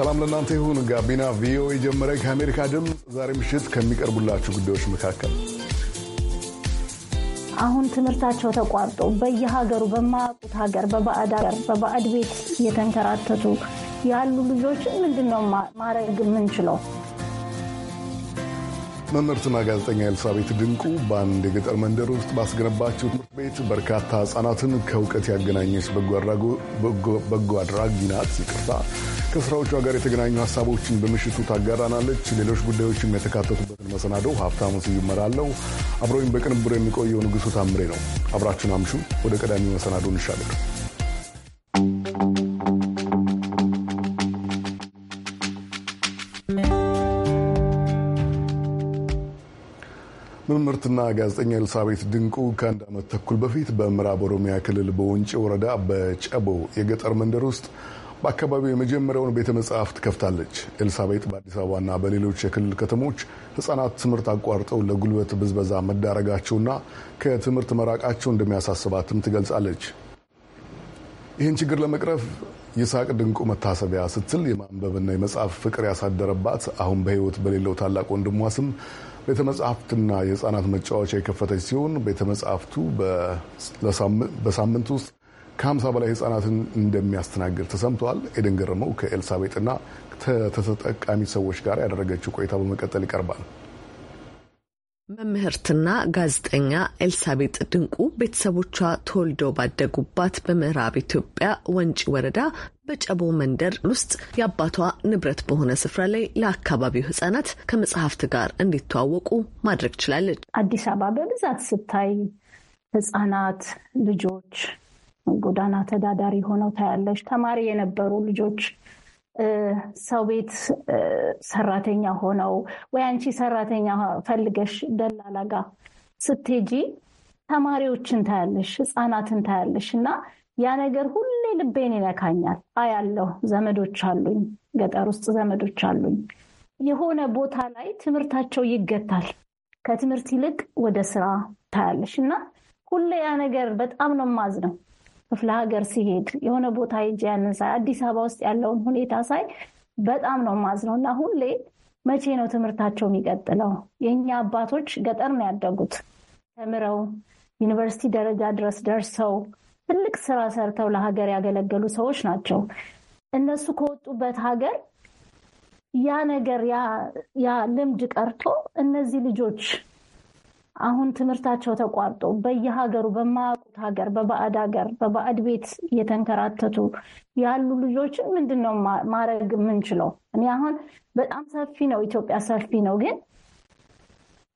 ሰላም ለእናንተ ይሁን። ጋቢና ቪኦኤ ጀመረ። ከአሜሪካ ድምፅ ዛሬ ምሽት ከሚቀርቡላችሁ ጉዳዮች መካከል አሁን ትምህርታቸው ተቋርጦ በየሀገሩ በማያውቁት ሀገር በባዕድ ሀገር በባዕድ ቤት እየተንከራተቱ ያሉ ልጆች ምንድን ነው ማድረግ የምንችለው? መምህርትና ጋዜጠኛ ኤልሳቤት ድንቁ በአንድ የገጠር መንደር ውስጥ ባስገነባቸው ትምህርት ቤት በርካታ ህጻናትን ከእውቀት ያገናኘች በጎ አድራጊ ናት። ይቅርታ። ከስራዎቿ ጋር የተገናኙ ሀሳቦችን በምሽቱ ታጋራናለች። ሌሎች ጉዳዮችም የተካተቱበትን መሰናዶው ሀብታሙ ስዩም እመራለሁ። አብረውኝ በቅንብሩ የሚቆየው ንጉሱ ታምሬ ነው። አብራችን አምሹ። ወደ ቀዳሚ መሰናዶ እንሻገር። ትርክትና ጋዜጠኛ ኤልሳቤት ድንቁ ከአንድ ዓመት ተኩል በፊት በምዕራብ ኦሮሚያ ክልል በወንጪ ወረዳ በጨቦ የገጠር መንደር ውስጥ በአካባቢው የመጀመሪያውን ቤተ መጽሐፍት ከፍታለች። ኤልሳቤጥ በአዲስ አበባና በሌሎች የክልል ከተሞች ሕጻናት ትምህርት አቋርጠው ለጉልበት ብዝበዛ መዳረጋቸውና ከትምህርት መራቃቸው እንደሚያሳስባትም ትገልጻለች። ይህን ችግር ለመቅረፍ ይስሐቅ ድንቁ መታሰቢያ ስትል የማንበብና የመጽሐፍ ፍቅር ያሳደረባት አሁን በሕይወት በሌለው ታላቅ ወንድሟ ስም ቤተ መጽሐፍትና የህፃናት መጫወቻ የከፈተች ሲሆን ቤተ መጽሐፍቱ በሳምንት ውስጥ ከሀምሳ በላይ ህጻናትን እንደሚያስተናግድ ተሰምተዋል። ኤደን ገረመው ከኤልሳቤጥና ከተጠቃሚ ሰዎች ጋር ያደረገችው ቆይታ በመቀጠል ይቀርባል። መምህርትና ጋዜጠኛ ኤልሳቤጥ ድንቁ ቤተሰቦቿ ተወልደው ባደጉባት በምዕራብ ኢትዮጵያ ወንጪ ወረዳ በጨቦ መንደር ውስጥ የአባቷ ንብረት በሆነ ስፍራ ላይ ለአካባቢው ሕጻናት ከመጽሐፍት ጋር እንዲተዋወቁ ማድረግ ችላለች። አዲስ አበባ በብዛት ስታይ ሕጻናት ልጆች ጎዳና ተዳዳሪ ሆነው ታያለች። ተማሪ የነበሩ ልጆች ሰው ቤት ሰራተኛ ሆነው ወይ አንቺ ሰራተኛ ፈልገሽ ደላላ ጋ ስትሄጂ ተማሪዎችን ታያለሽ፣ ህፃናትን ታያለሽ እና ያ ነገር ሁሌ ልቤን ይነካኛል። አያለሁ። ዘመዶች አሉኝ፣ ገጠር ውስጥ ዘመዶች አሉኝ። የሆነ ቦታ ላይ ትምህርታቸው ይገታል። ከትምህርት ይልቅ ወደ ስራ ታያለሽ እና ሁሌ ያ ነገር በጣም ነው የማዝነው። ክፍለ ሀገር ሲሄድ የሆነ ቦታ ሄጅ ያንን ሳይ አዲስ አበባ ውስጥ ያለውን ሁኔታ ሳይ በጣም ነው ማዝነው እና ሁሌ መቼ ነው ትምህርታቸው የሚቀጥለው? የእኛ አባቶች ገጠር ነው ያደጉት። ተምረው ዩኒቨርሲቲ ደረጃ ድረስ ደርሰው ትልቅ ስራ ሰርተው ለሀገር ያገለገሉ ሰዎች ናቸው። እነሱ ከወጡበት ሀገር ያ ነገር ያ ልምድ ቀርቶ እነዚህ ልጆች አሁን ትምህርታቸው ተቋርጦ በየሀገሩ በማያውቁት ሀገር በባዕድ ሀገር በባዕድ ቤት እየተንከራተቱ ያሉ ልጆችን ምንድን ነው ማድረግ የምንችለው? እኔ አሁን በጣም ሰፊ ነው ኢትዮጵያ ሰፊ ነው። ግን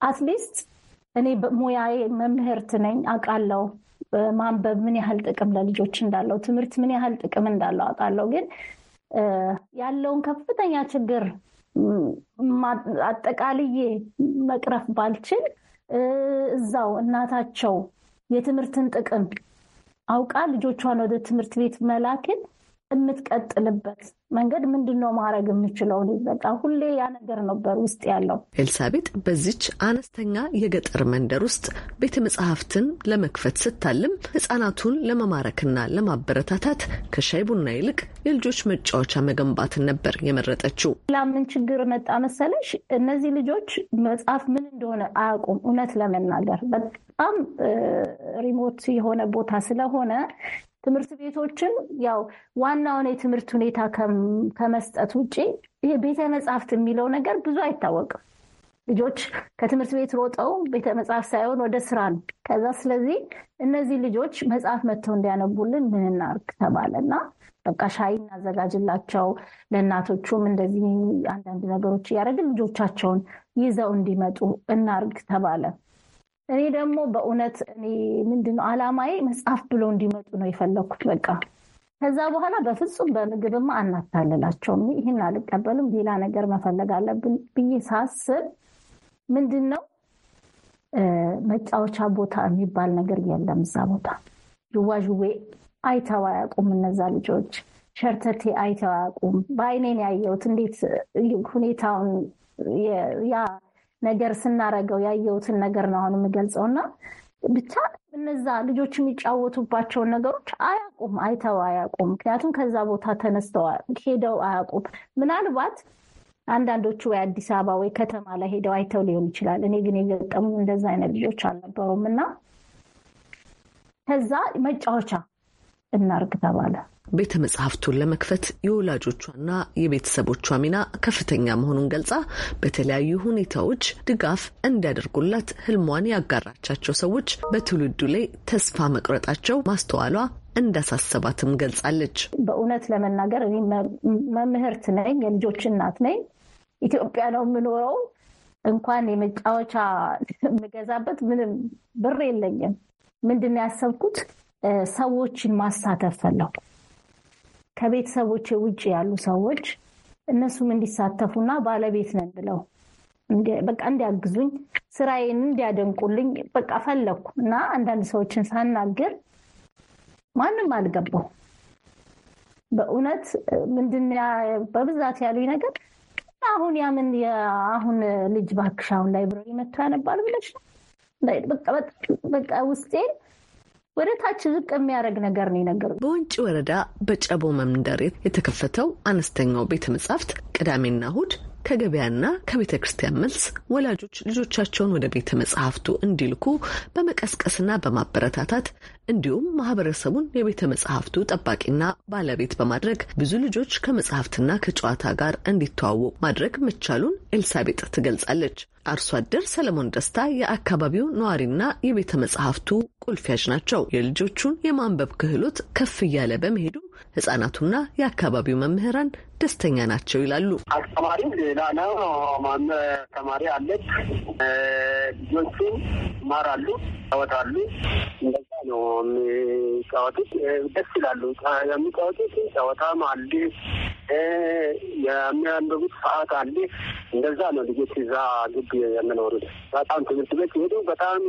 አትሊስት እኔ ሙያዬ መምህርት ነኝ አውቃለሁ። ማንበብ ምን ያህል ጥቅም ለልጆች እንዳለው፣ ትምህርት ምን ያህል ጥቅም እንዳለው አውቃለሁ። ግን ያለውን ከፍተኛ ችግር አጠቃልዬ መቅረፍ ባልችል እዛው እናታቸው የትምህርትን ጥቅም አውቃ ልጆቿን ወደ ትምህርት ቤት መላክን የምትቀጥልበት መንገድ ምንድን ነው ማድረግ የምችለው? በቃ ሁሌ ያ ነገር ነበር ውስጥ ያለው። ኤልሳቤጥ በዚች አነስተኛ የገጠር መንደር ውስጥ ቤተ መጽሐፍትን ለመክፈት ስታልም ህጻናቱን ለመማረክና ለማበረታታት ከሻይ ቡና ይልቅ የልጆች መጫወቻ መገንባትን ነበር የመረጠችው። ላምን ችግር መጣ መሰለሽ፣ እነዚህ ልጆች መጽሐፍ ምን እንደሆነ አያውቁም። እውነት ለመናገር በጣም ሪሞት የሆነ ቦታ ስለሆነ ትምህርት ቤቶችን ያው ዋናውን የትምህርት ሁኔታ ከመስጠት ውጭ ይሄ ቤተ መጽሐፍት የሚለው ነገር ብዙ አይታወቅም። ልጆች ከትምህርት ቤት ሮጠው ቤተ መጽሐፍ ሳይሆን ወደ ስራ ነው። ከዛ ስለዚህ እነዚህ ልጆች መጽሐፍ መጥተው እንዲያነቡልን ምን እናርግ ተባለ እና በቃ ሻይ እናዘጋጅላቸው፣ ለእናቶቹም እንደዚህ አንዳንድ ነገሮች እያደረግን ልጆቻቸውን ይዘው እንዲመጡ እናርግ ተባለ። እኔ ደግሞ በእውነት እኔ ምንድን ነው አላማዬ መጽሐፍ ብሎ እንዲመጡ ነው የፈለግኩት። በቃ ከዛ በኋላ በፍጹም በምግብማ አናታልላቸውም፣ ይህን አልቀበልም፣ ሌላ ነገር መፈለግ አለብን ብዬ ሳስብ ምንድን ነው መጫወቻ ቦታ የሚባል ነገር የለም እዛ ቦታ። ዥዋዥዌ አይተው አያውቁም እነዛ ልጆች፣ ሸርተቴ አይተው አያውቁም። በአይኔን ያየሁት እንዴት ሁኔታውን ያ ነገር ስናረገው ያየሁትን ነገር ነው አሁን የምገልጸው እና ብቻ እነዛ ልጆች የሚጫወቱባቸውን ነገሮች አያውቁም፣ አይተው አያውቁም። ምክንያቱም ከዛ ቦታ ተነስተው ሄደው አያውቁም። ምናልባት አንዳንዶቹ ወይ አዲስ አበባ ወይ ከተማ ላይ ሄደው አይተው ሊሆን ይችላል። እኔ ግን የገጠሙ እንደዛ አይነት ልጆች አልነበሩም እና ከዛ መጫወቻ እናርግ ተባለ። ቤተ መጽሐፍቱን ለመክፈት የወላጆቿና የቤተሰቦቿ ሚና ከፍተኛ መሆኑን ገልጻ በተለያዩ ሁኔታዎች ድጋፍ እንዲያደርጉላት ህልሟን ያጋራቻቸው ሰዎች በትውልዱ ላይ ተስፋ መቁረጣቸው ማስተዋሏ እንዳሳሰባትም ገልጻለች። በእውነት ለመናገር እኔ መምህርት ነኝ፣ የልጆች እናት ነኝ። ኢትዮጵያ ነው የምኖረው። እንኳን የመጫወቻ የምገዛበት ምንም ብር የለኝም። ምንድን ነው ያሰብኩት? ሰዎችን ማሳተፍ ፈለኩ። ከቤተሰቦች ውጭ ያሉ ሰዎች እነሱም እንዲሳተፉና ባለቤት ነን ብለው በቃ እንዲያግዙኝ ስራዬን እንዲያደንቁልኝ በቃ ፈለግኩ እና አንዳንድ ሰዎችን ሳናግር ማንም አልገባው። በእውነት ምንድን በብዛት ያሉኝ ነገር አሁን ያምን የአሁን ልጅ ባክሽ አሁን ላይብረሪ መጥቶ ያነባል ብለሽ ነው በቃ ውስጤን ወደ ታች ዝቅ የሚያደርግ ነገር ነው የነገሩ። በወንጪ ወረዳ በጨቦ መንደር የተከፈተው አነስተኛው ቤተ መጻሕፍት ቅዳሜና እሁድ ከገበያና ከቤተ ክርስቲያን መልስ ወላጆች ልጆቻቸውን ወደ ቤተ መጽሐፍቱ እንዲልኩ በመቀስቀስና በማበረታታት እንዲሁም ማህበረሰቡን የቤተ መጽሐፍቱ ጠባቂና ባለቤት በማድረግ ብዙ ልጆች ከመጽሐፍትና ከጨዋታ ጋር እንዲተዋወቁ ማድረግ መቻሉን ኤልሳቤጥ ትገልጻለች። አርሶ አደር ሰለሞን ደስታ የአካባቢው ነዋሪና የቤተ መጽሐፍቱ ቁልፊያጅ ናቸው። የልጆቹን የማንበብ ክህሎት ከፍ እያለ በመሄዱ ህጻናቱና የአካባቢው መምህራን ደስተኛ ናቸው ይላሉ። አስተማሪም ሌላ ነው። ማመ ተማሪ አለች። ልጆቹ ማራሉ ጫወታሉ። እንደዛ ነው የሚጫወቱት። ደስ ይላሉ የሚጫወቱት። ጫወታም አለ፣ የሚያንበቡት ሰዓት አለ። እንደዛ ነው ልጆች እዛ ግቢ የምኖሩት። በጣም ትምህርት ቤት ሄዱ። በጣም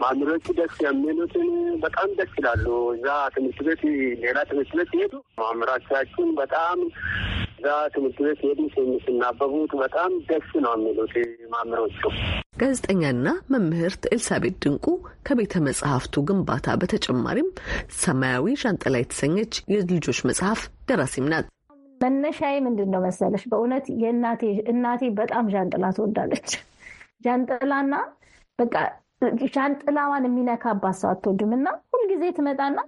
ማምሮቹ ደስ የሚሉትን በጣም ደስ ይላሉ። እዛ ትምህርት ቤት ሌላ ትምህርት ቤት ሄዱ። ማምራቻችን በጣም እዛ ትምህርት ቤት የዲስ የሚስናበቡት በጣም ደስ ነው የሚሉት ማምሮቹ። ጋዜጠኛና መምህርት ኤልሳቤት ድንቁ ከቤተ መጽሐፍቱ ግንባታ በተጨማሪም ሰማያዊ ዣንጥላ የተሰኘች የልጆች መጽሐፍ ደራሲም ናት። መነሻዬ ምንድን ነው መሰለሽ? በእውነት የእናቴ እናቴ በጣም ዣንጥላ ትወዳለች። ዣንጥላና በቃ ዣንጥላዋን የሚነካባት ሰው አትወድም እና ሁልጊዜ ትመጣና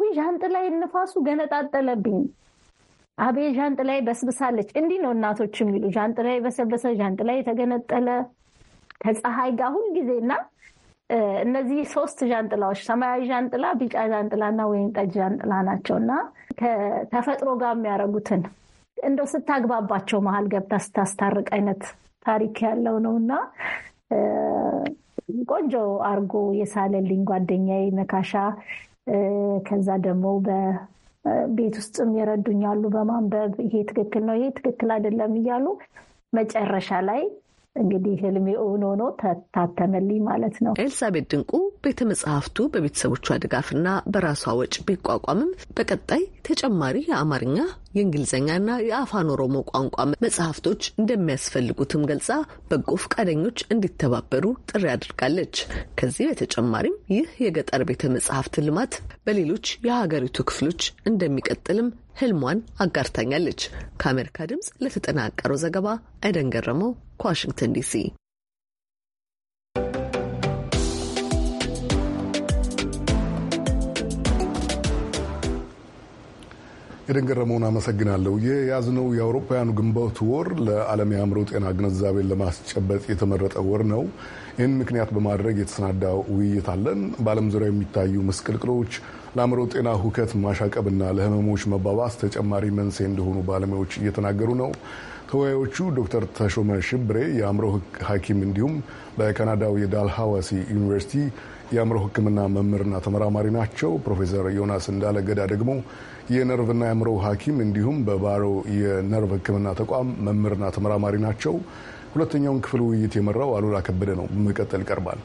ውይ ዣንጥላ የንፋሱ ገነጣጠለብኝ አቤ ዣንጥላይ በስብሳለች። እንዲህ ነው እናቶች የሚሉ ዣንጥላይ በሰበሰ፣ ዣንጥላይ የተገነጠለ ከፀሐይ ጋር ሁል እና እነዚህ ሶስት ዣንጥላዎች ሰማያዊ ዣንጥላ፣ ቢጫ ዣንጥላና ወይን ጠጅ ዣንጥላ ናቸው እና ከተፈጥሮ ጋር የሚያደርጉትን እንደው ስታግባባቸው መሀል ገብታ ስታስታርቅ አይነት ታሪክ ያለው ነው እና ቆንጆ አርጎ የሳለልኝ ጓደኛዬ መካሻ ከዛ ደግሞ ቤት ውስጥም የረዱኛሉ በማንበብ ይሄ ትክክል ነው፣ ይሄ ትክክል አይደለም እያሉ መጨረሻ ላይ እንግዲህ ህልሜ እውን ሆኖ ታተመልኝ ማለት ነው። ኤልሳቤት ድንቁ ቤተ መጽሐፍቱ በቤተሰቦቿ ድጋፍና በራሷ ወጪ ቢቋቋምም በቀጣይ ተጨማሪ የአማርኛ የእንግሊዝኛና የአፋን ኦሮሞ ቋንቋ መጽሐፍቶች እንደሚያስፈልጉትም ገልጻ በጎ ፈቃደኞች እንዲተባበሩ ጥሪ አድርጋለች። ከዚህ በተጨማሪም ይህ የገጠር ቤተ መጽሐፍት ልማት በሌሎች የሀገሪቱ ክፍሎች እንደሚቀጥልም ህልሟን አጋርታኛለች። ከአሜሪካ ድምፅ ለተጠናቀረው ዘገባ አይደን ገረመው ከዋሽንግተን ዲሲ የደንገረመውን አመሰግናለሁ። የያዝነው የአውሮፓውያኑ ግንቦት ወር ለዓለም የአእምሮ ጤና ግንዛቤን ለማስጨበጥ የተመረጠ ወር ነው። ይህን ምክንያት በማድረግ የተሰናዳ ውይይት አለን። በዓለም ዙሪያ የሚታዩ ምስቅልቅሎች ለአእምሮ ጤና ሁከት ማሻቀብና ለህመሞች መባባስ ተጨማሪ መንስኤ እንደሆኑ ባለሙያዎች እየተናገሩ ነው። ተወያዮቹ ዶክተር ተሾመ ሽብሬ የአእምሮ ሐኪም እንዲሁም በካናዳው የዳልሃዋሲ ዩኒቨርሲቲ የአእምሮ ሕክምና መምህርና ተመራማሪ ናቸው። ፕሮፌሰር ዮናስ እንዳለገዳ ደግሞ የነርቭና የአእምሮ ሐኪም እንዲሁም በባሮ የነርቭ ሕክምና ተቋም መምህርና ተመራማሪ ናቸው። ሁለተኛውን ክፍል ውይይት የመራው አሉላ ከበደ ነው። በመቀጠል ይቀርባል።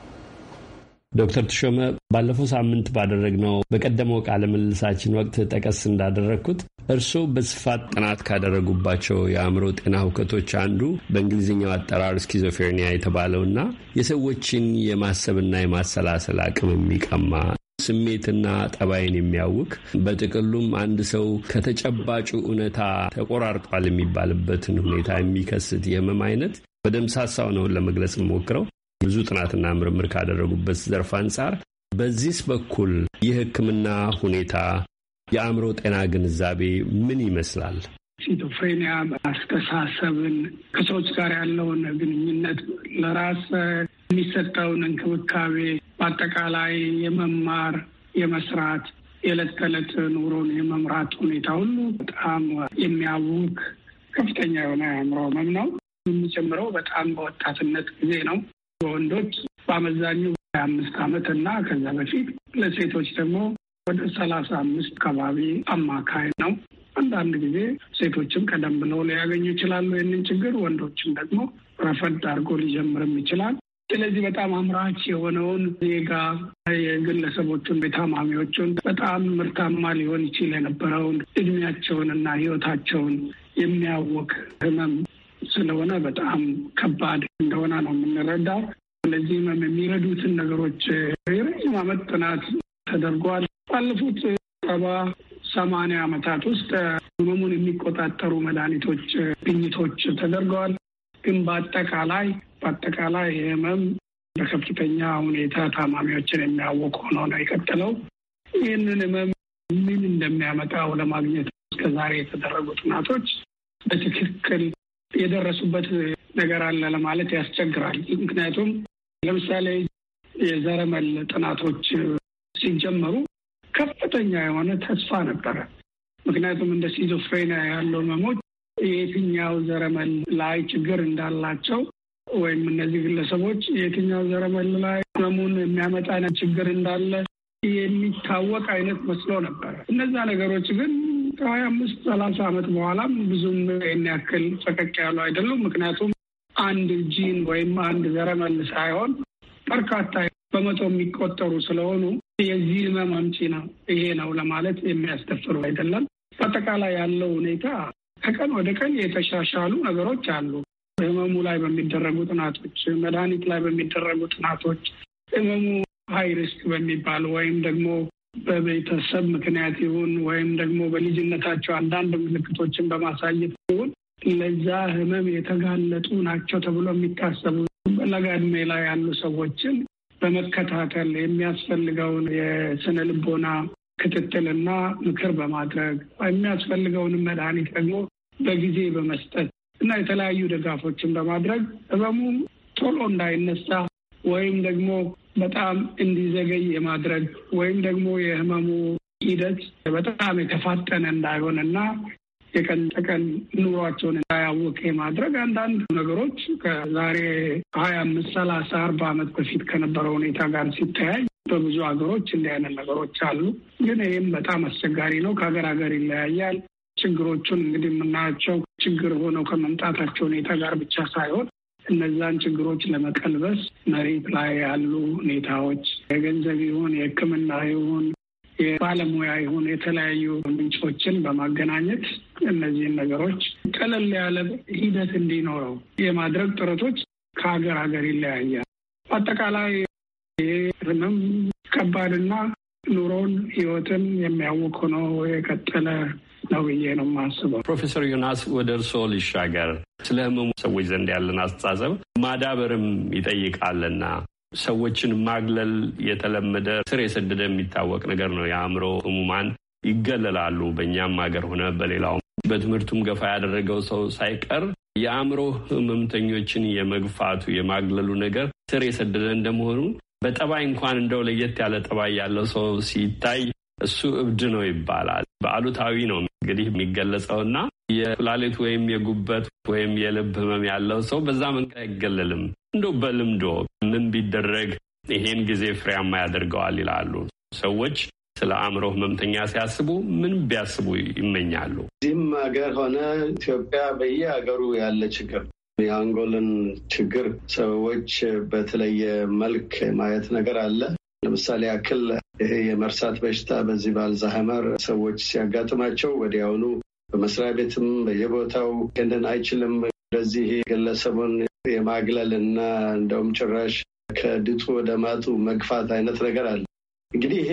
ዶክተር ትሾመ ባለፈው ሳምንት ባደረግነው በቀደመው ቃለ ምልልሳችን ወቅት ጠቀስ እንዳደረግኩት እርስዎ በስፋት ጥናት ካደረጉባቸው የአእምሮ ጤና እውከቶች አንዱ በእንግሊዝኛው አጠራር ስኪዞፌርኒያ የተባለውና የሰዎችን የማሰብና የማሰላሰል አቅም የሚቀማ ስሜትና ጠባይን የሚያውቅ በጥቅሉም አንድ ሰው ከተጨባጩ እውነታ ተቆራርጧል የሚባልበትን ሁኔታ የሚከስት የህመም አይነት በደምሳሳው ነው ለመግለጽ የምሞክረው ብዙ ጥናትና ምርምር ካደረጉበት ዘርፍ አንጻር በዚህስ በኩል የህክምና ሁኔታ የአእምሮ ጤና ግንዛቤ ምን ይመስላል? ሲቶፍሬኒያ አስተሳሰብን፣ ከሰዎች ጋር ያለውን ግንኙነት፣ ለራስ የሚሰጠውን እንክብካቤ በአጠቃላይ የመማር የመስራት የዕለት ተዕለት ኑሮን የመምራት ሁኔታ ሁሉ በጣም የሚያውክ ከፍተኛ የሆነ አእምሮ ህመም ነው። የሚጀምረው በጣም በወጣትነት ጊዜ ነው። በወንዶች በአመዛኙ ሀያ አምስት ዓመት እና ከዛ በፊት ለሴቶች ደግሞ ወደ ሰላሳ አምስት አካባቢ አማካይ ነው። አንዳንድ ጊዜ ሴቶችም ቀደም ብለው ሊያገኙ ይችላሉ ይህንን ችግር፣ ወንዶችም ደግሞ ረፈድ አድርጎ ሊጀምርም ይችላል። ስለዚህ በጣም አምራች የሆነውን ዜጋ የግለሰቦቹን ቤታማሚዎቹን በጣም ምርታማ ሊሆን ይችል የነበረውን እድሜያቸውን እና ህይወታቸውን የሚያወቅ ህመም ስለሆነ በጣም ከባድ እንደሆነ ነው የምንረዳው። ስለዚህ ህመም የሚረዱትን ነገሮች የረዥም ዓመት ጥናት ተደርጓል። ባለፉት ሰባ ሰማንያ ዓመታት ውስጥ ህመሙን የሚቆጣጠሩ መድኃኒቶች ግኝቶች ተደርገዋል። ግን በአጠቃላይ በአጠቃላይ ህመም በከፍተኛ ሁኔታ ታማሚዎችን የሚያወቅ ሆኖ ነው የቀጠለው። ይህንን ህመም ምን እንደሚያመጣው ለማግኘት እስከዛሬ የተደረጉ ጥናቶች በትክክል የደረሱበት ነገር አለ ለማለት ያስቸግራል። ምክንያቱም ለምሳሌ የዘረመል ጥናቶች ሲጀመሩ ከፍተኛ የሆነ ተስፋ ነበረ። ምክንያቱም እንደ ሲዞፍሬኒያ ያለው ህመሞች የትኛው ዘረመል ላይ ችግር እንዳላቸው ወይም እነዚህ ግለሰቦች የትኛው ዘረመል ላይ ህመሙን የሚያመጣ አይነት ችግር እንዳለ የሚታወቅ አይነት መስሎ ነበር። እነዛ ነገሮች ግን ከሀያ አምስት ሰላሳ ዓመት በኋላም ብዙም ይህን ያክል ፈቀቅ ያሉ አይደሉም። ምክንያቱም አንድ ጂን ወይም አንድ ዘረመል ሳይሆን በርካታ በመቶ የሚቆጠሩ ስለሆኑ የዚህ ህመም አምጪ ነው ይሄ ነው ለማለት የሚያስደፍሩ አይደለም። በአጠቃላይ ያለው ሁኔታ ከቀን ወደ ቀን የተሻሻሉ ነገሮች አሉ። ህመሙ ላይ በሚደረጉ ጥናቶች፣ መድኃኒት ላይ በሚደረጉ ጥናቶች ህመሙ ሀይ ሪስክ በሚባል ወይም ደግሞ በቤተሰብ ምክንያት ይሁን ወይም ደግሞ በልጅነታቸው አንዳንድ ምልክቶችን በማሳየት ይሁን ለዛ ህመም የተጋለጡ ናቸው ተብሎ የሚታሰቡ በለጋ ላይ ያሉ ሰዎችን በመከታተል የሚያስፈልገውን የስነ ልቦና ክትትልና ምክር በማድረግ የሚያስፈልገውንም መድኃኒት ደግሞ በጊዜ በመስጠት እና የተለያዩ ድጋፎችን በማድረግ ህመሙ ቶሎ እንዳይነሳ ወይም ደግሞ በጣም እንዲዘገይ የማድረግ ወይም ደግሞ የህመሙ ሂደት በጣም የተፋጠነ እንዳይሆን የቀን ተቀን ኑሯቸውን እንዳያወቅ የማድረግ አንዳንድ ነገሮች ከዛሬ ሀያ አምስት ሰላሳ አርባ ዓመት በፊት ከነበረው ሁኔታ ጋር ሲተያይ በብዙ ሀገሮች እንዲህ አይነት ነገሮች አሉ። ግን ይህም በጣም አስቸጋሪ ነው። ከሀገር ሀገር ይለያያል። ችግሮቹን እንግዲህ የምናያቸው ችግር ሆነው ከመምጣታቸው ሁኔታ ጋር ብቻ ሳይሆን እነዛን ችግሮች ለመቀልበስ መሬት ላይ ያሉ ሁኔታዎች የገንዘብ ይሁን የሕክምና ይሁን የባለሙያ ይሁን የተለያዩ ምንጮችን በማገናኘት እነዚህን ነገሮች ቀለል ያለ ሂደት እንዲኖረው የማድረግ ጥረቶች ከሀገር ሀገር ይለያያል። በአጠቃላይ ይህ ህመም ከባድና ኑሮን ህይወትን የሚያውቅ ሆኖ የቀጠለ ነው ብዬ ነው የማስበው። ፕሮፌሰር ዮናስ ወደ እርስዎ ልሻገር። ስለ ህመሙ ሰዎች ዘንድ ያለን አስተሳሰብ ማዳበርም ይጠይቃልና ሰዎችን ማግለል የተለመደ ስር የሰደደ የሚታወቅ ነገር ነው። የአእምሮ ህሙማን ይገለላሉ። በእኛም ሀገር ሆነ በሌላውም በትምህርቱም ገፋ ያደረገው ሰው ሳይቀር የአእምሮ ህመምተኞችን የመግፋቱ የማግለሉ ነገር ስር የሰደደ እንደመሆኑ በጠባይ እንኳን እንደው ለየት ያለ ጠባይ ያለው ሰው ሲታይ እሱ እብድ ነው ይባላል። በአሉታዊ ነው እንግዲህ የሚገለጸውና የኩላሊት ወይም የጉበት ወይም የልብ ህመም ያለው ሰው በዛ መንገድ አይገለልም። እንደው በልምዶ ምን ቢደረግ ይሄን ጊዜ ፍሬያማ ያደርገዋል ይላሉ ሰዎች። ስለ አእምሮ ህመምተኛ ሲያስቡ ምን ቢያስቡ ይመኛሉ? እዚህም ሀገር ሆነ ኢትዮጵያ በየሀገሩ ያለ ችግር የአንጎልን ችግር ሰዎች በተለየ መልክ ማየት ነገር አለ። ለምሳሌ ያክል ይሄ የመርሳት በሽታ በዚህ በአልዛሃመር ሰዎች ሲያጋጥማቸው ወዲያውኑ በመስሪያ ቤትም በየቦታው ገንደን አይችልም እንደዚህ ግለሰቡን የማግለል እና እንደውም ጭራሽ ከድጡ ወደ ማጡ መግፋት አይነት ነገር አለ። እንግዲህ ይሄ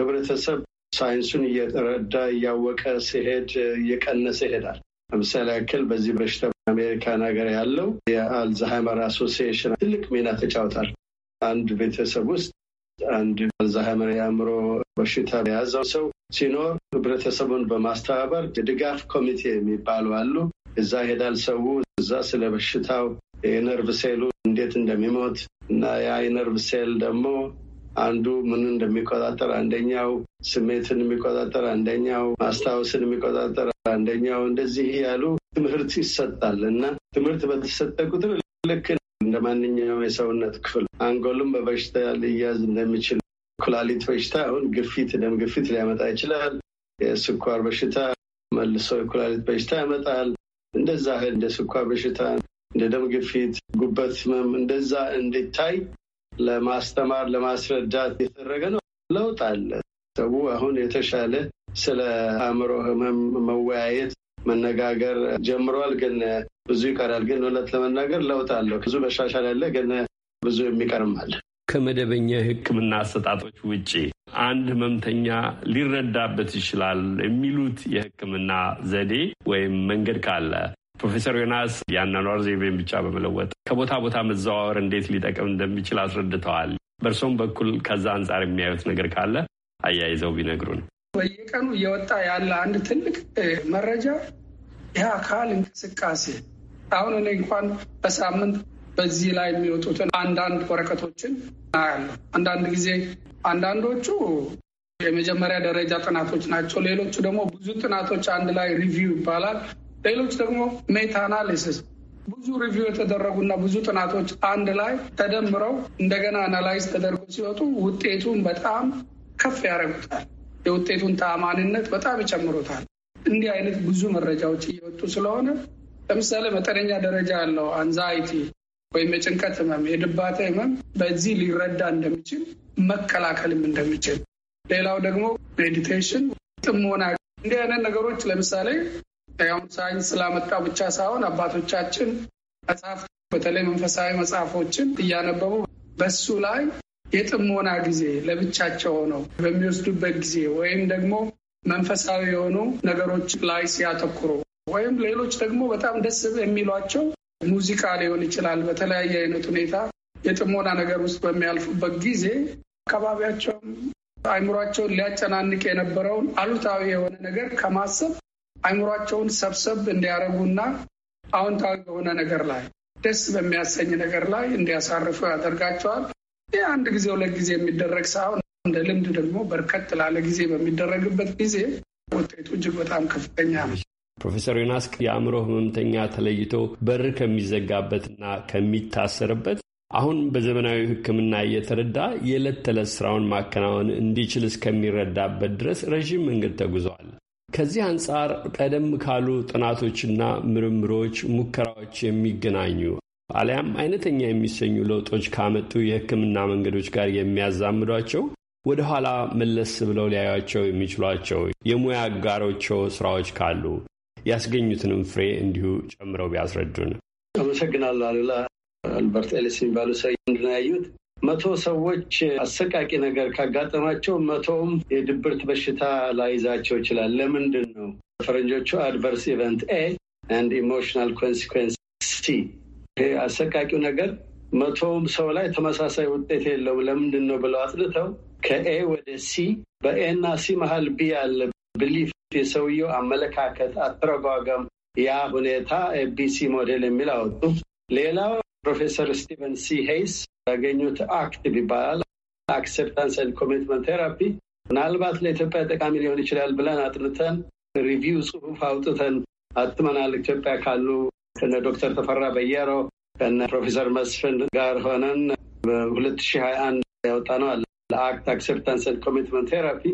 ህብረተሰብ ሳይንሱን እየረዳ እያወቀ ሲሄድ እየቀነሰ ይሄዳል። ለምሳሌ ያክል በዚህ በሽታ አሜሪካን ሀገር ያለው የአልዛሃይመር አሶሲሽን ትልቅ ሚና ተጫውታል። አንድ ቤተሰብ ውስጥ አንድ አልዛሃይመር የአእምሮ በሽታ የያዘው ሰው ሲኖር ህብረተሰቡን በማስተባበር የድጋፍ ኮሚቴ የሚባሉ አሉ። እዛ ሄዳል ሰው እዛ ስለ በሽታው የነርቭ ሴሉ እንዴት እንደሚሞት እና የአይነርቭ ሴል ደግሞ አንዱ ምን እንደሚቆጣጠር አንደኛው ስሜትን የሚቆጣጠር አንደኛው ማስታወስን የሚቆጣጠር አንደኛው እንደዚህ ያሉ ትምህርት ይሰጣል እና ትምህርት በተሰጠ ቁጥር ልክ እንደ ማንኛውም የሰውነት ክፍል አንጎልም በበሽታ ሊያዝ እንደሚችል ኩላሊት በሽታ አሁን ግፊት፣ ደም ግፊት ሊያመጣ ይችላል። የስኳር በሽታ መልሶ የኩላሊት በሽታ ያመጣል። እንደዛ እንደ ስኳር በሽታ እንደ ደም ግፊት፣ ጉበት ህመም እንደዛ እንዲታይ ለማስተማር ለማስረዳት የተደረገ ነው። ለውጥ አለ። ሰው አሁን የተሻለ ስለ አእምሮ ህመም መወያየት መነጋገር ጀምሯል። ግን ብዙ ይቀራል። ግን እውነት ለመናገር ለውጥ አለው። ብዙ መሻሻል አለ። ግን ብዙ የሚቀርም አለ። ከመደበኛ ሕክምና አሰጣጦች ውጪ አንድ ህመምተኛ ሊረዳበት ይችላል የሚሉት የሕክምና ዘዴ ወይም መንገድ ካለ ፕሮፌሰር ዮናስ የአኗኗር ዘይቤን ብቻ በመለወጥ ከቦታ ቦታ መዘዋወር እንዴት ሊጠቅም እንደሚችል አስረድተዋል። በእርሶም በኩል ከዛ አንጻር የሚያዩት ነገር ካለ አያይዘው ቢነግሩን። በየቀኑ እየወጣ ያለ አንድ ትልቅ መረጃ የአካል እንቅስቃሴ አሁን እኔ እንኳን በሳምንት በዚህ ላይ የሚወጡትን አንዳንድ ወረቀቶችን አያለሁ። አንዳንድ ጊዜ አንዳንዶቹ የመጀመሪያ ደረጃ ጥናቶች ናቸው። ሌሎቹ ደግሞ ብዙ ጥናቶች አንድ ላይ ሪቪው ይባላል ሌሎች ደግሞ ሜታ አናሊሲስ ብዙ ሪቪው የተደረጉና ብዙ ጥናቶች አንድ ላይ ተደምረው እንደገና አናላይዝ ተደርጎ ሲወጡ ውጤቱን በጣም ከፍ ያደርጉታል። የውጤቱን ተአማንነት በጣም ይጨምሩታል። እንዲህ አይነት ብዙ መረጃዎች እየወጡ ስለሆነ ለምሳሌ መጠነኛ ደረጃ ያለው አንዛይቲ ወይም የጭንቀት ህመም፣ የድባተ ህመም በዚህ ሊረዳ እንደሚችል መከላከልም እንደሚችል ሌላው ደግሞ ሜዲቴሽን፣ ጥሞና እንዲህ አይነት ነገሮች ለምሳሌ ጉዳዩን ሳይንስ ስላመጣ ብቻ ሳይሆን አባቶቻችን መጽሐፍ በተለይ መንፈሳዊ መጽሐፎችን እያነበቡ በሱ ላይ የጥሞና ጊዜ ለብቻቸው ሆነው በሚወስዱበት ጊዜ ወይም ደግሞ መንፈሳዊ የሆኑ ነገሮች ላይ ሲያተኩሩ ወይም ሌሎች ደግሞ በጣም ደስ የሚሏቸው ሙዚቃ ሊሆን ይችላል። በተለያየ አይነት ሁኔታ የጥሞና ነገር ውስጥ በሚያልፉበት ጊዜ አካባቢያቸውም አይምሯቸውን ሊያጨናንቅ የነበረውን አሉታዊ የሆነ ነገር ከማሰብ አይምሯቸውን ሰብሰብ እንዲያደርጉና አዎንታዊ በሆነ ነገር ላይ ደስ በሚያሰኝ ነገር ላይ እንዲያሳርፉ ያደርጋቸዋል። ይህ አንድ ጊዜ ሁለት ጊዜ የሚደረግ ሳይሆን እንደ ልምድ ደግሞ በርከት ላለ ጊዜ በሚደረግበት ጊዜ ውጤቱ እጅግ በጣም ከፍተኛ ነው። ፕሮፌሰር ዮናስ የአእምሮ ህመምተኛ ተለይቶ በር ከሚዘጋበትና ከሚታሰርበት አሁን በዘመናዊ ሕክምና እየተረዳ የዕለት ተዕለት ስራውን ማከናወን እንዲችል እስከሚረዳበት ድረስ ረዥም መንገድ ተጉዘዋል። ከዚህ አንጻር ቀደም ካሉ ጥናቶችና ምርምሮች ሙከራዎች የሚገናኙ አሊያም አይነተኛ የሚሰኙ ለውጦች ካመጡ የሕክምና መንገዶች ጋር የሚያዛምዷቸው ወደ ኋላ መለስ ብለው ሊያዩቸው የሚችሏቸው የሙያ አጋሮቸው ስራዎች ካሉ ያስገኙትንም ፍሬ እንዲሁ ጨምረው ቢያስረዱን። አመሰግናለሁ። አሉላ አልበርት ኤሊስ የሚባሉ ሰው እንድናያዩት መቶ ሰዎች አሰቃቂ ነገር ካጋጠማቸው መቶውም የድብርት በሽታ ላይዛቸው ይችላል። ለምንድን ነው? ፈረንጆቹ አድቨርስ ኢቨንት ኤ አንድ ኢሞሽናል ኮንሲኩዌንስ ሲ። ይሄ አሰቃቂው ነገር መቶውም ሰው ላይ ተመሳሳይ ውጤት የለውም። ለምንድን ነው ብለው አጥልተው ከኤ ወደ ሲ፣ በኤ እና ሲ መሀል ቢ አለ። ብሊፍ የሰውየው አመለካከት፣ አተረጓጓም ያ ሁኔታ ኤቢሲ ሞዴል የሚል አወጡ። ሌላው ፕሮፌሰር ስቲቨን ሲ ሄይስ ያገኙት አክት ይባላል። አክሴፕታንስ ኤንድ ኮሚትመንት ቴራፒ ምናልባት ለኢትዮጵያ ጠቃሚ ሊሆን ይችላል ብለን አጥንተን ሪቪው ጽሁፍ አውጥተን አትመናል። ኢትዮጵያ ካሉ ከነ ዶክተር ተፈራ በየሮ ከነ ፕሮፌሰር መስፍን ጋር ሆነን በሁለት ሺ ሀያ አንድ ያወጣ ነው አለ ለአክት አክሴፕታንስ ኤንድ ኮሚትመንት ቴራፒ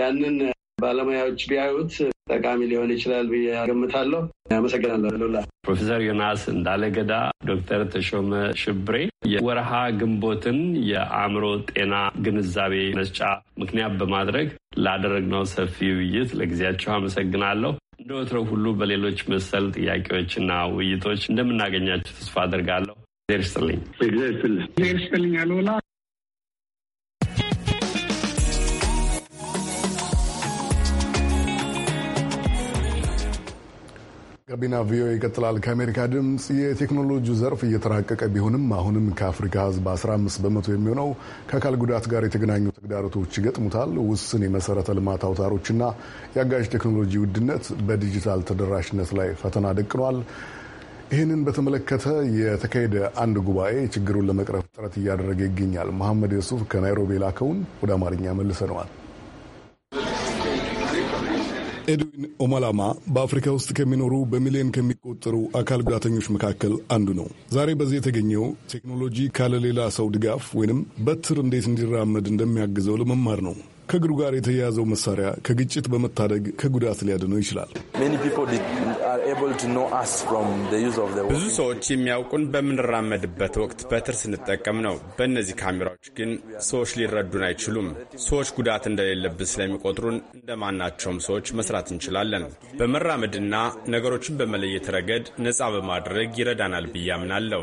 ያንን ባለሙያዎች ቢያዩት ጠቃሚ ሊሆን ይችላል ብዬ ያገምታለሁ። አመሰግናለሁ ሉላ ፕሮፌሰር ዮናስ እንዳለገዳ፣ ዶክተር ተሾመ ሽብሬ የወረሃ ግንቦትን የአእምሮ ጤና ግንዛቤ መስጫ ምክንያት በማድረግ ላደረግነው ሰፊ ውይይት ለጊዜያቸው አመሰግናለሁ። እንደ ወትረው ሁሉ በሌሎች መሰል ጥያቄዎችና ውይይቶች እንደምናገኛቸው ተስፋ አድርጋለሁ። ዜርስልኝ ዜርስልኝ ዜርስልኝ ስጥልኝ ጋቢና ቪኦኤ ይቀጥላል። ከአሜሪካ ድምፅ የቴክኖሎጂው ዘርፍ እየተራቀቀ ቢሆንም አሁንም ከአፍሪካ ሕዝብ 15 በመቶ የሚሆነው ከአካል ጉዳት ጋር የተገናኙ ተግዳሮቶች ይገጥሙታል። ውስን የመሰረተ ልማት አውታሮችና የአጋዥ ቴክኖሎጂ ውድነት በዲጂታል ተደራሽነት ላይ ፈተና ደቅኗል። ይህንን በተመለከተ የተካሄደ አንድ ጉባኤ ችግሩን ለመቅረፍ ጥረት እያደረገ ይገኛል። መሐመድ የሱፍ ከናይሮቢ ላከውን ወደ አማርኛ መልሰነዋል። ኤድዊን ኦማላማ በአፍሪካ ውስጥ ከሚኖሩ በሚሊዮን ከሚቆጠሩ አካል ጉዳተኞች መካከል አንዱ ነው። ዛሬ በዚህ የተገኘው ቴክኖሎጂ ካለሌላ ሰው ድጋፍ ወይንም በትር እንዴት እንዲራመድ እንደሚያግዘው ለመማር ነው። ከእግሩ ጋር የተያያዘው መሳሪያ ከግጭት በመታደግ ከጉዳት ሊያድነው ይችላል። ብዙ ሰዎች የሚያውቁን በምንራመድበት ወቅት በትር ስንጠቀም ነው። በእነዚህ ካሜራዎች ግን ሰዎች ሊረዱን አይችሉም። ሰዎች ጉዳት እንደሌለብን ስለሚቆጥሩን እንደማናቸውም ሰዎች መስራት እንችላለን። በመራመድና ነገሮችን በመለየት ረገድ ነፃ በማድረግ ይረዳናል ብዬ አምናለሁ።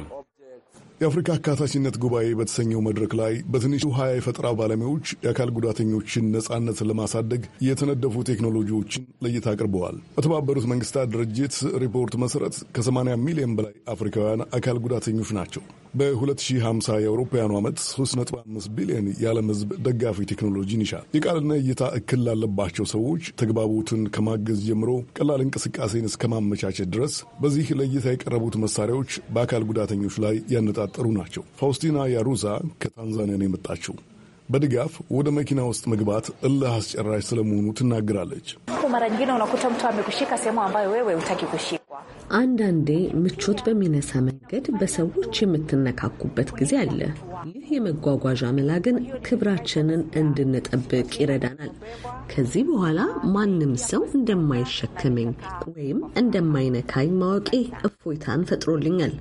የአፍሪካ አካታችነት ጉባኤ በተሰኘው መድረክ ላይ በትንሹ ሀያ የፈጠራ ባለሙያዎች የአካል ጉዳተኞችን ነጻነት ለማሳደግ የተነደፉ ቴክኖሎጂዎችን ለእይታ አቅርበዋል። በተባበሩት መንግስታት ድርጅት ሪፖርት መሰረት ከ80 ሚሊዮን በላይ አፍሪካውያን አካል ጉዳተኞች ናቸው። በ2050 የአውሮፓውያኑ ዓመት 3.5 ቢሊዮን የዓለም ሕዝብ ደጋፊ ቴክኖሎጂን ይሻል። የቃልና እይታ እክል ላለባቸው ሰዎች ተግባቦትን ከማገዝ ጀምሮ ቀላል እንቅስቃሴን እስከማመቻቸት ድረስ በዚህ ለእይታ የቀረቡት መሳሪያዎች በአካል ጉዳተኞች ላይ ያነጣጠሩ ናቸው። ፋውስቲና ያሩዛ ከታንዛኒያ ነው የመጣችው። በድጋፍ ወደ መኪና ውስጥ መግባት እልህ አስጨራሽ ስለመሆኑ ትናገራለች። አንዳንዴ ምቾት በሚነሳ መንገድ በሰዎች የምትነካኩበት ጊዜ አለ። ይህ የመጓጓዣ መላ ግን ክብራችንን እንድንጠብቅ ይረዳናል። ከዚህ በኋላ ማንም ሰው እንደማይሸከመኝ ወይም እንደማይነካኝ ማወቄ እፎይታን ፈጥሮልኛል።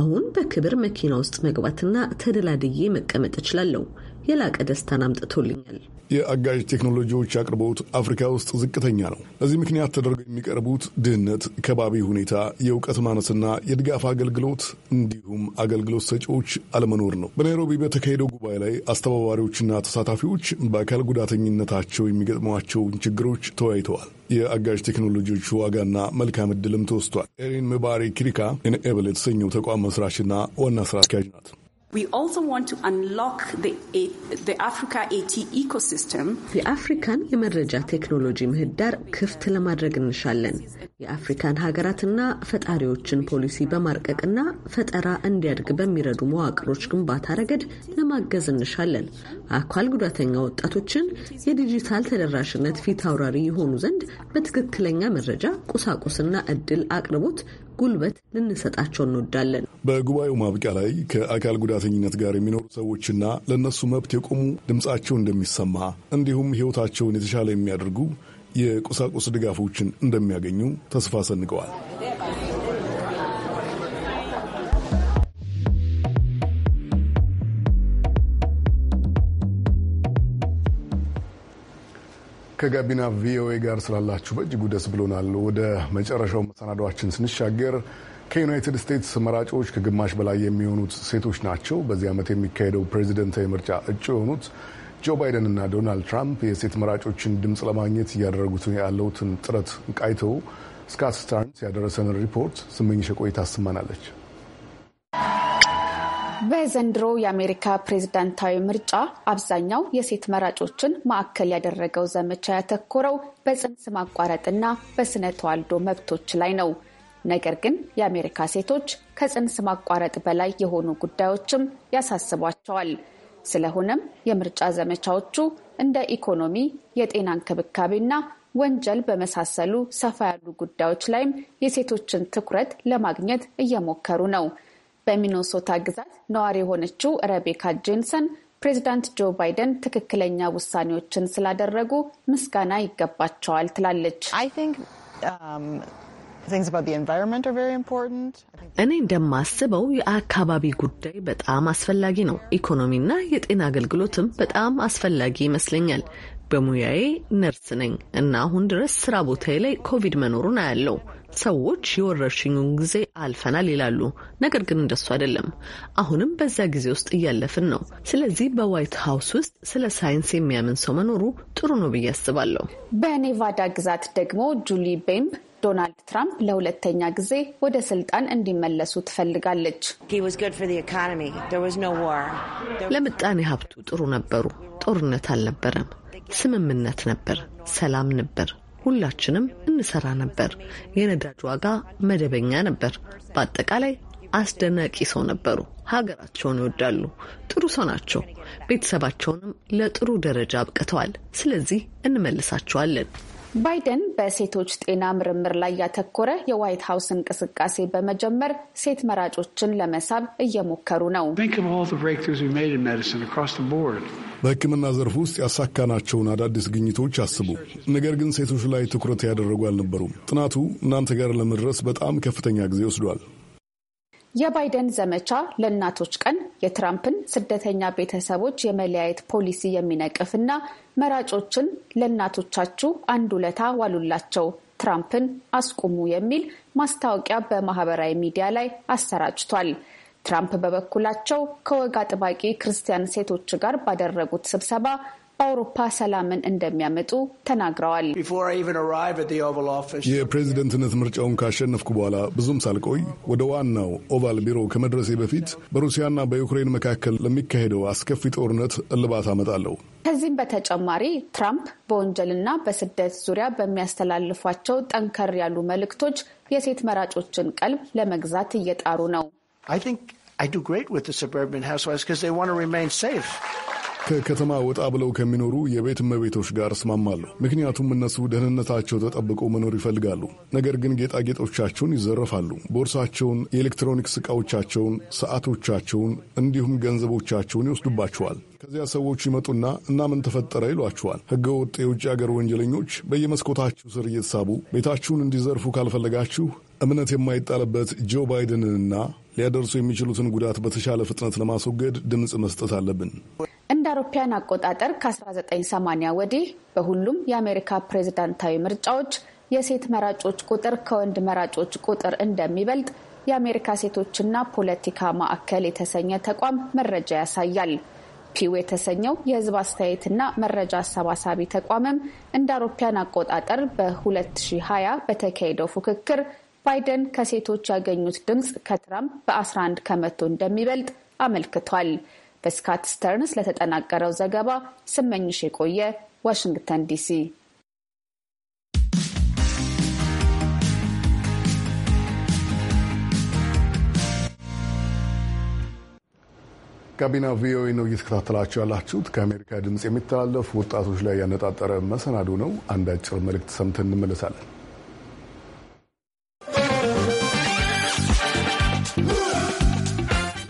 አሁን በክብር መኪና ውስጥ መግባትና ተደላድዬ መቀመጥ እችላለሁ። የላቀ ደስታን አምጥቶልኛል። የአጋዥ ቴክኖሎጂዎች አቅርቦት አፍሪካ ውስጥ ዝቅተኛ ነው። ለዚህ ምክንያት ተደርገው የሚቀርቡት ድህነት፣ ከባቢ ሁኔታ፣ የእውቀት ማነስና የድጋፍ አገልግሎት እንዲሁም አገልግሎት ሰጪዎች አለመኖር ነው። በናይሮቢ በተካሄደው ጉባኤ ላይ አስተባባሪዎችና ተሳታፊዎች በአካል ጉዳተኝነታቸው የሚገጥሟቸውን ችግሮች ተወያይተዋል። የአጋዥ ቴክኖሎጂዎች ዋጋና መልካም ዕድልም ተወስቷል። ኤሪን ምባሪ ኪሪካ ኤንኤብል የተሰኘው ተቋም መስራችና ዋና ስራ አስኪያጅ ናት። የአፍሪካን የመረጃ ቴክኖሎጂ ምህዳር ክፍት ለማድረግ እንሻለን። የአፍሪካን ሀገራትና ፈጣሪዎችን ፖሊሲ በማርቀቅና ፈጠራ እንዲያድግ በሚረዱ መዋቅሮች ግንባታ ረገድ ለማገዝ እንሻለን። አካል ጉዳተኛ ወጣቶችን የዲጂታል ተደራሽነት ፊት አውራሪ የሆኑ ዘንድ በትክክለኛ መረጃ ቁሳቁስና እድል አቅርቦት ጉልበት ልንሰጣቸው እንወዳለን። በጉባኤው ማብቂያ ላይ ከአካል ጉዳተኝነት ጋር የሚኖሩ ሰዎችና ለእነሱ መብት የቆሙ ድምፃቸው እንደሚሰማ እንዲሁም ሕይወታቸውን የተሻለ የሚያደርጉ የቁሳቁስ ድጋፎችን እንደሚያገኙ ተስፋ ሰንቀዋል። ከጋቢና ቪኦኤ ጋር ስላላችሁ በእጅጉ ደስ ብሎናል። ወደ መጨረሻው መሰናዷችን ስንሻገር ከዩናይትድ ስቴትስ መራጮች ከግማሽ በላይ የሚሆኑት ሴቶች ናቸው። በዚህ ዓመት የሚካሄደው ፕሬዚደንታዊ ምርጫ እጩ የሆኑት ጆ ባይደን እና ዶናልድ ትራምፕ የሴት መራጮችን ድምፅ ለማግኘት እያደረጉት ያለውትን ጥረት ቃይተው ስካት ስታርንስ ያደረሰንን ሪፖርት ስመኝሽ ቆይታ አሰማናለች። በዘንድሮ የአሜሪካ ፕሬዝዳንታዊ ምርጫ አብዛኛው የሴት መራጮችን ማዕከል ያደረገው ዘመቻ ያተኮረው በጽንስ ማቋረጥና በስነ ተዋልዶ መብቶች ላይ ነው። ነገር ግን የአሜሪካ ሴቶች ከጽንስ ማቋረጥ በላይ የሆኑ ጉዳዮችም ያሳስቧቸዋል። ስለሆነም የምርጫ ዘመቻዎቹ እንደ ኢኮኖሚ፣ የጤና እንክብካቤና ወንጀል በመሳሰሉ ሰፋ ያሉ ጉዳዮች ላይም የሴቶችን ትኩረት ለማግኘት እየሞከሩ ነው። በሚኖሶታ ግዛት ነዋሪ የሆነችው ረቤካ ጄንሰን ፕሬዚዳንት ጆ ባይደን ትክክለኛ ውሳኔዎችን ስላደረጉ ምስጋና ይገባቸዋል ትላለች። um, እኔ እንደማስበው የአካባቢ ጉዳይ በጣም አስፈላጊ ነው። ኢኮኖሚና የጤና አገልግሎትም በጣም አስፈላጊ ይመስለኛል። በሙያዬ ነርስ ነኝ እና አሁን ድረስ ስራ ቦታዬ ላይ ኮቪድ መኖሩን አያለው። ሰዎች የወረርሽኙን ጊዜ አልፈናል ይላሉ። ነገር ግን እንደሱ አይደለም። አሁንም በዛ ጊዜ ውስጥ እያለፍን ነው። ስለዚህ በዋይት ሀውስ ውስጥ ስለ ሳይንስ የሚያምን ሰው መኖሩ ጥሩ ነው ብዬ አስባለሁ። በኔቫዳ ግዛት ደግሞ ጁሊ ቤምብ ዶናልድ ትራምፕ ለሁለተኛ ጊዜ ወደ ስልጣን እንዲመለሱ ትፈልጋለች። ለምጣኔ ሀብቱ ጥሩ ነበሩ። ጦርነት አልነበረም። ስምምነት ነበር። ሰላም ነበር። ሁላችንም እንሰራ ነበር። የነዳጅ ዋጋ መደበኛ ነበር። በአጠቃላይ አስደናቂ ሰው ነበሩ። ሀገራቸውን ይወዳሉ። ጥሩ ሰው ናቸው። ቤተሰባቸውንም ለጥሩ ደረጃ አብቅተዋል። ስለዚህ እንመልሳቸዋለን። ባይደን በሴቶች ጤና ምርምር ላይ ያተኮረ የዋይት ሀውስ እንቅስቃሴ በመጀመር ሴት መራጮችን ለመሳብ እየሞከሩ ነው። በሕክምና ዘርፍ ውስጥ ያሳካናቸውን አዳዲስ ግኝቶች አስቡ። ነገር ግን ሴቶች ላይ ትኩረት ያደረጉ አልነበሩም። ጥናቱ እናንተ ጋር ለመድረስ በጣም ከፍተኛ ጊዜ ወስዷል። የባይደን ዘመቻ ለእናቶች ቀን የትራምፕን ስደተኛ ቤተሰቦች የመለያየት ፖሊሲ የሚነቅፍና መራጮችን ለእናቶቻችሁ አንድ ውለታ ዋሉላቸው ትራምፕን አስቁሙ የሚል ማስታወቂያ በማህበራዊ ሚዲያ ላይ አሰራጭቷል። ትራምፕ በበኩላቸው ከወግ አጥባቂ ክርስቲያን ሴቶች ጋር ባደረጉት ስብሰባ በአውሮፓ ሰላምን እንደሚያመጡ ተናግረዋል። የፕሬዚደንትነት ምርጫውን ካሸነፍኩ በኋላ ብዙም ሳልቆይ ወደ ዋናው ኦቫል ቢሮ ከመድረሴ በፊት በሩሲያና በዩክሬን መካከል ለሚካሄደው አስከፊ ጦርነት እልባት አመጣለሁ። ከዚህም በተጨማሪ ትራምፕ በወንጀልና በስደት ዙሪያ በሚያስተላልፏቸው ጠንከር ያሉ መልእክቶች የሴት መራጮችን ቀልብ ለመግዛት እየጣሩ ነው። ከከተማ ወጣ ብለው ከሚኖሩ የቤት እመቤቶች ጋር እስማማለሁ። ምክንያቱም እነሱ ደህንነታቸው ተጠብቆ መኖር ይፈልጋሉ። ነገር ግን ጌጣጌጦቻቸውን ይዘረፋሉ። ቦርሳቸውን፣ የኤሌክትሮኒክስ ዕቃዎቻቸውን፣ ሰዓቶቻቸውን እንዲሁም ገንዘቦቻቸውን ይወስዱባቸዋል። ከዚያ ሰዎች ይመጡና እና ምን ተፈጠረ ይሏችኋል። ወጥ የውጭ አገር ወንጀለኞች በየመስኮታችሁ ስር እየተሳቡ ቤታችሁን እንዲዘርፉ ካልፈለጋችሁ እምነት የማይጣልበት ጆ ባይደንንና ሊያደርሱ የሚችሉትን ጉዳት በተሻለ ፍጥነት ለማስወገድ ድምፅ መስጠት አለብን። አውሮፓውያን አቆጣጠር ከ1980 ወዲህ በሁሉም የአሜሪካ ፕሬዝዳንታዊ ምርጫዎች የሴት መራጮች ቁጥር ከወንድ መራጮች ቁጥር እንደሚበልጥ የአሜሪካ ሴቶችና ፖለቲካ ማዕከል የተሰኘ ተቋም መረጃ ያሳያል። ፒው የተሰኘው የሕዝብ አስተያየትና መረጃ አሰባሳቢ ተቋምም እንደ አውሮፓውያን አቆጣጠር በ2020 በተካሄደው ፉክክር ባይደን ከሴቶች ያገኙት ድምፅ ከትራምፕ በ11 ከመቶ እንደሚበልጥ አመልክቷል። በስካት ስተርንስ ለተጠናቀረው ዘገባ ስመኝሽ የቆየ ዋሽንግተን ዲሲ። ጋቢና ቪኦኤ ነው እየተከታተላችሁ ያላችሁት። ከአሜሪካ ድምፅ የሚተላለፍ ወጣቶች ላይ ያነጣጠረ መሰናዶ ነው። አንድ አጭር መልእክት ሰምተን እንመለሳለን።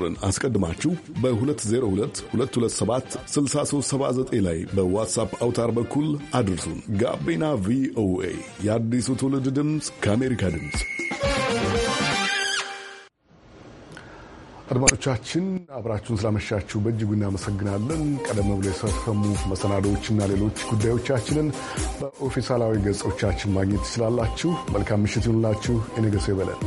ቁጥርን አስቀድማችሁ በ2022276379 ላይ በዋትሳፕ አውታር በኩል አድርሱን። ጋቢና ቪኦኤ የአዲሱ ትውልድ ድምፅ ከአሜሪካ ድምፅ። አድማጮቻችን አብራችሁን ስላመሻችሁ በእጅጉ እናመሰግናለን። ቀደም ብሎ የሰፈሙ መሰናዶዎችና ሌሎች ጉዳዮቻችንን በኦፊሳላዊ ገጾቻችን ማግኘት ትችላላችሁ። መልካም ምሽት ይሁንላችሁ። የነገ ሰው ይበለን።